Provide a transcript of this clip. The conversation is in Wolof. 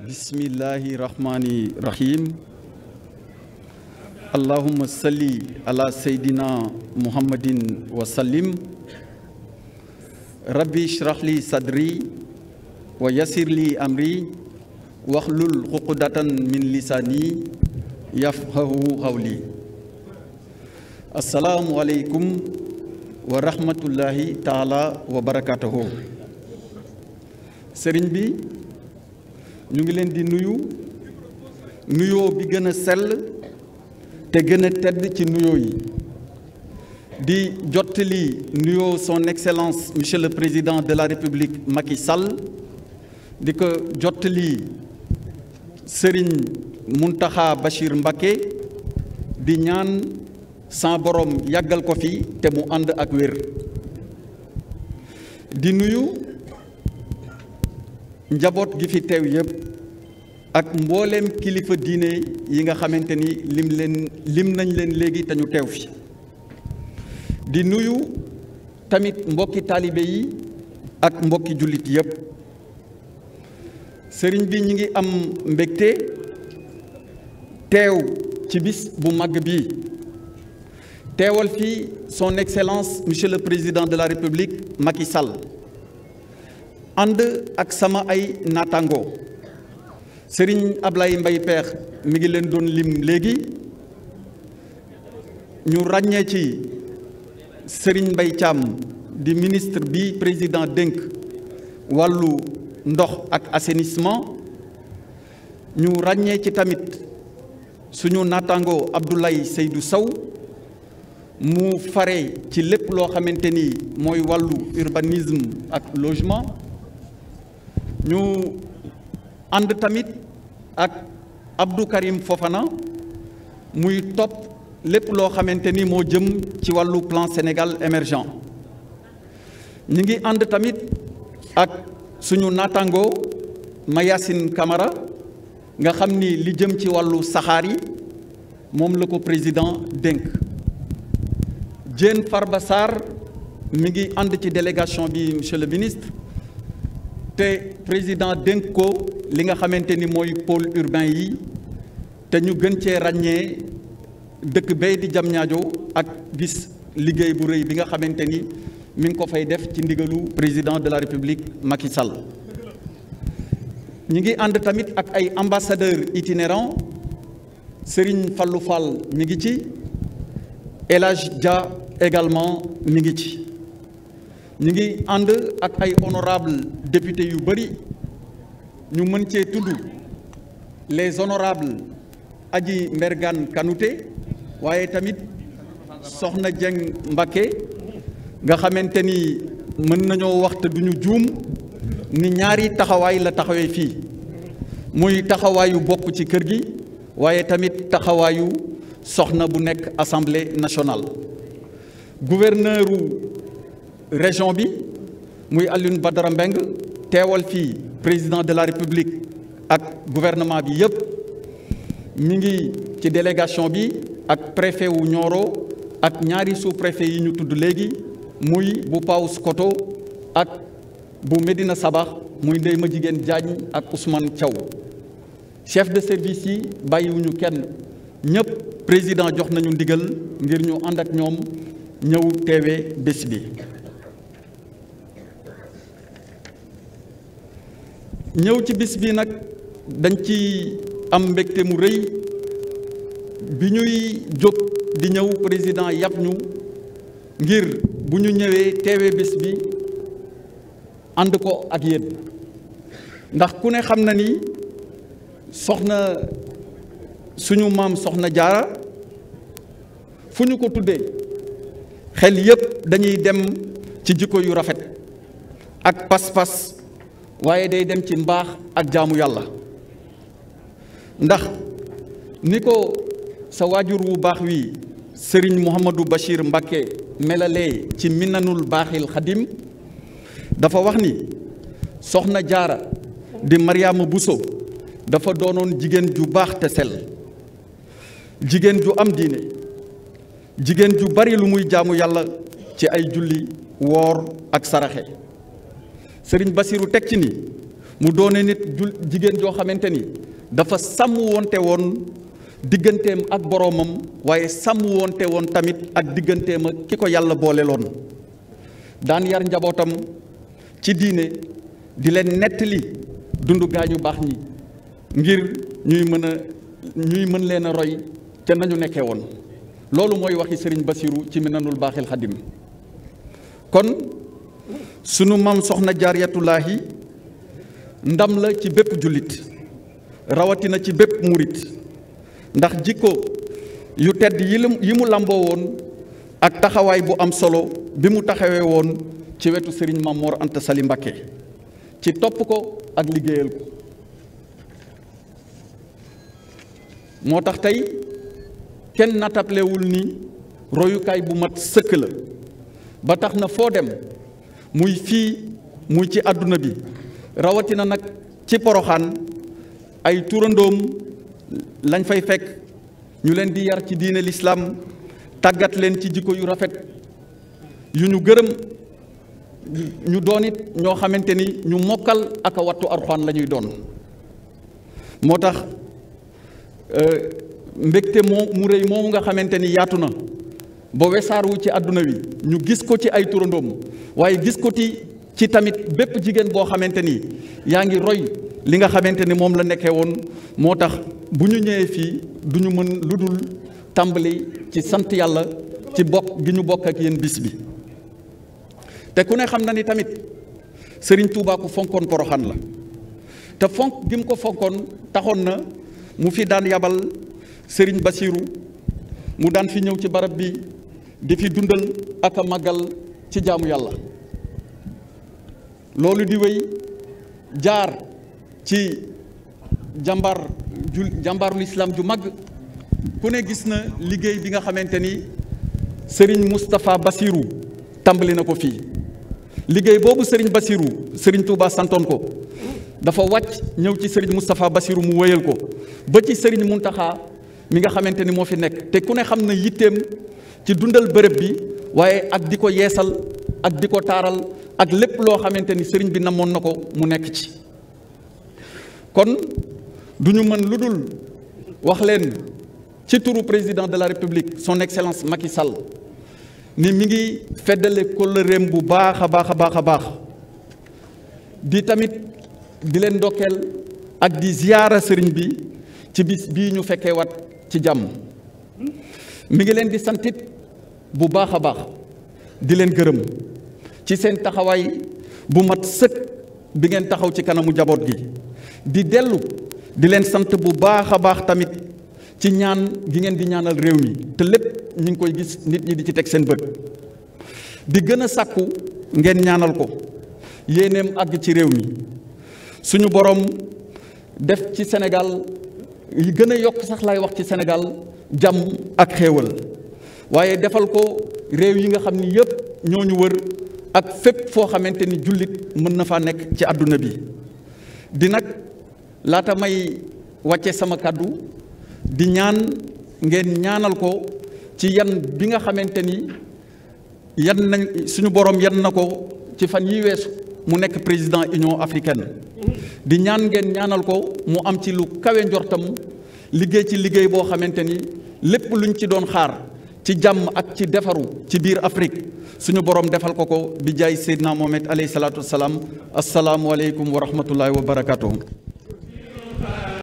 bismillahi rahmani rahim allahumma salli ala saydina muhammadin wa sallim rabbi ishrah li sadri wa yassir li amri waxlul xuqudatan min lisaani yafqahu qawli assalaamu aleykum wa rahmatullahi taala wa barakatuhu sëriñ bi ñu ngi leen di nuyu nuyoo bi gën a sell te gën a tedd ci nuyoo yi di jottali nuyoo son excellence monsieur président de la république Macky Sall di ko jottali Serigne Mountakha Bachir Mbacké bi ñaan sa borom yàggal ko fi te mu ànd ak wér di nuyu njaboot gi fi teew yëpp ak mbooleem kilifa diine yi nga xamante ni lim leen lim nañ leen léegi dañu teew fi di nuyu tamit mbokki taalibe yi ak mbokki jullit yëpp sëriñ bi ñu ngi am mbégte teew ci bis bu màgg bi teewal fi son excellence monsieur le président de la république Macky Sall ànd ak sama ay naataangoo ab Ablaye mbay Peex mi ngi leen doon lim léegi ñu ràññee ci sëriñ mbay Thiam di ministre bi président dénk wàllu ndox ak assainissement ñu ràññee ci tamit suñu naataangoo Abdoulaye seydu Sow mu fare ci lépp loo xamante ni mooy wàllu urbanisme ak logement ñu ànd tamit ak Abdou Karim Fofana muy topp lépp loo xamante ni moo jëm ci wàllu plan Sénégal émergent ñu ngi ànd tamit ak suñu naataango Mayacine Camara nga xam ni li jëm ci wàllu saxaar yi moom la ko président dénk Diène Farba Sarr mi ngi ànd ci délégation bi monsieur le ministre te président dénk ko li nga xamante ni mooy pôle urbain yi te ñu gën cee ràññee dëkk bay di Diamniadio ak gis liggéey bu rëy bi nga xamante ni mi ngi ko fay def ci ndigalu président de la république Macky Sall ñi ngi ànd tamit ak ay ambassadeurs itinérants Serigne Fallou Fall mi ngi ci El Hadj Dia également mi ngi ci ñi ngi ànd ak ay honorable député yu bëri ñu mën cee tudd les honorables aji Mbergane Kanouté waaye tamit Soxna Dieng Mbacké nga xamante ni mën nañoo waxte duñu juum ni ñaari taxawaay la taxawee fii muy taxawaayu bokk ci kër gi waaye tamit taxawaayu soxna bu nekk assemblée nationale gouverneuru région bi muy Alioune Badara Mbengue teewal fii président de la république ak gouvernement bi yëpp mi ngi ci délégation bi ak préfet wu Nioro ak ñaari sous préfet yi ñu tudd léegi muy bu coto ak bu Médina Sabax muy ma jigéen Diagne ak Ousmane Thiaw chef de service yi bàyyiwuñu kenn ñëpp président jox nañu ndigal ngir ñu ànd ak ñoom ñëw teewee bés bi ñëw ci bis bi nag dañ ci am mbégte mu rëy bi ñuy jóg di ñëw président yàpp ñu ngir bu ñu ñëwee teewee bis bi ànd ko ak yéen ndax ku ne xam na ni soxna suñu maam soxna jaara fu ñu ko tuddee xel yépp dañuy dem ci jikko yu rafet ak pas-pas waaye day dem ci mbaax ak jaamu yàlla ndax ni ko sa waajur wu baax wi sëriñ Mouhamadou Bachir Mbacké melalee ci minanul baaxil xadim dafa wax ni soxna jaara di Mariama Bousso dafa doonoon jigéen ju baax te sel jigéen ju am diine jigéen ju bari lu muy jaamu yàlla ci ay julli woor ak saraxe sëriñ Basiru teg ci ni mu doone nit jul jigéen joo xamante ni dafa sàmm wonte woon digganteem ak boroomam waaye sàmm wonte woon tamit ak digganteem ak ki ko yàlla boole loon daan yar njabootam ci diine di leen nettali dund gaañu baax ñi ngir ñuy mën a ñuy mën leena roy te nañu nekkee woon loolu mooy waxi sëriñ Basiru ci Minanul Baaxil Xadim kon sunu maam soxna jaariyatullaahi ndam la ci bépp jullit rawatina ci bépp murit ndax jikko yu tedd yi mu làmboo woon ak taxawaay bu am solo bi mu taxawee woon ci wetu sëriñ Maam Mor Anta Sali Mbakke ci topp ko ak liggéeyal ko moo tax tey kenn natablewul ni royukaay bu mat sëkk la ba tax na foo dem muy fii muy ci àdduna bi rawatina nag ci poroxaan ay turandoom lañ fay fekk ñu leen di yar ci diine lislaam tàggat leen ci jikko yu rafet yu ñu gërëm ñu doonit ñoo xamante ni ñu mokkal ak a wattu arxaan la ñuy doon moo tax euh, mbégte moo mu rëy moomu nga xamante ni yaatu na ba weesaaru ci àdduna wi ñu gis ko ci ay turandoom waaye gis ko ci ci tamit bépp jigéen boo xamante ni yaa ngi roy li nga xamante ni moom la nekkee woon moo tax bu ñu ñëwee fii du ñu mën lu dul tàmbali ci sant yàlla ci bokk gi ñu bokk ak yéen bis bi te ku ne xam na ni tamit sëriñ Tuubaa ku fonkoon poroxaan la te fonk gi mu ko fonkoon taxoon na mu fi daan yabal sëriñ Basiiru mu daan fi ñëw ci barab bi di fi dundal ak a ci jaamu yàlla loolu di wéy jaar ci jàmbaar ju jàmbaarul islaam ju mag ku ne gis na liggéey bi nga xamante ni sëriñ mustafa Bassirou tàmbali na ko fii liggéey boobu sëriñ Bassirou sëriñ Touba santoon ko dafa wàcc ñëw ci Serigne mustafa Bassirou mu wéyal ko ba ci Serigne Mountakha mi nga xamante ni moo fi nekk te ku ne xam na yitteem. ci dundal bërëb bi waaye ak di ko yeesal ak di ko taaral ak lépp loo xamante ni sëriñ bi namoon na ko mu nekk ci kon du ñu mën lu dul wax leen ci turu président de la république son excellence Macky Sall ni mi ngi feddale kóllëreem bu baax a baax a baax a baax di tamit di leen ndokkeel ak di ziyaara sëriñ bi ci bis bii ñu fekkee wat ci jàmm mi ngi leen di santit bu baax a baax di leen gërëm ci seen taxawaay bu mat sëkk bi ngeen taxaw ci kanamu jaboot gi di dellu di leen sant bu baax a baax tamit ci ñaan gi ngeen di ñaanal réew mi te lépp ñu ngi koy gis nit ñi di ci teg seen bët di gën a sàkku ngeen ñaanal ko yéeneem àgg ci réew mi suñu boroom def ci senegal yi gën a yokk sax lay wax ci senegal jàmm ak xéewal waaye defal ko réew yi nga xam ni yëpp ñoo ñu wër ak fépp foo xamante ni jullit mën na faa nekk ci àdduna bi di nag laata may wàcce sama kàddu di ñaan ngeen ñaanal ko ci yan bi nga xamante ni yan suñu borom yan na ko ci fan yi weesu mu nekk président Union africaine di ñaan ngeen ñaanal ko mu am ci lu kawe njortam liggéey ci liggéey boo xamante ni lépp luñ ci doon xaar ci jàmm ak ci defaru ci biir Afrique suñu borom defal ko ko bi jaay Seydina Mohamed alayhi salaatu wa salaam asalaamualeykum wa rahmatullahi wa barakatuh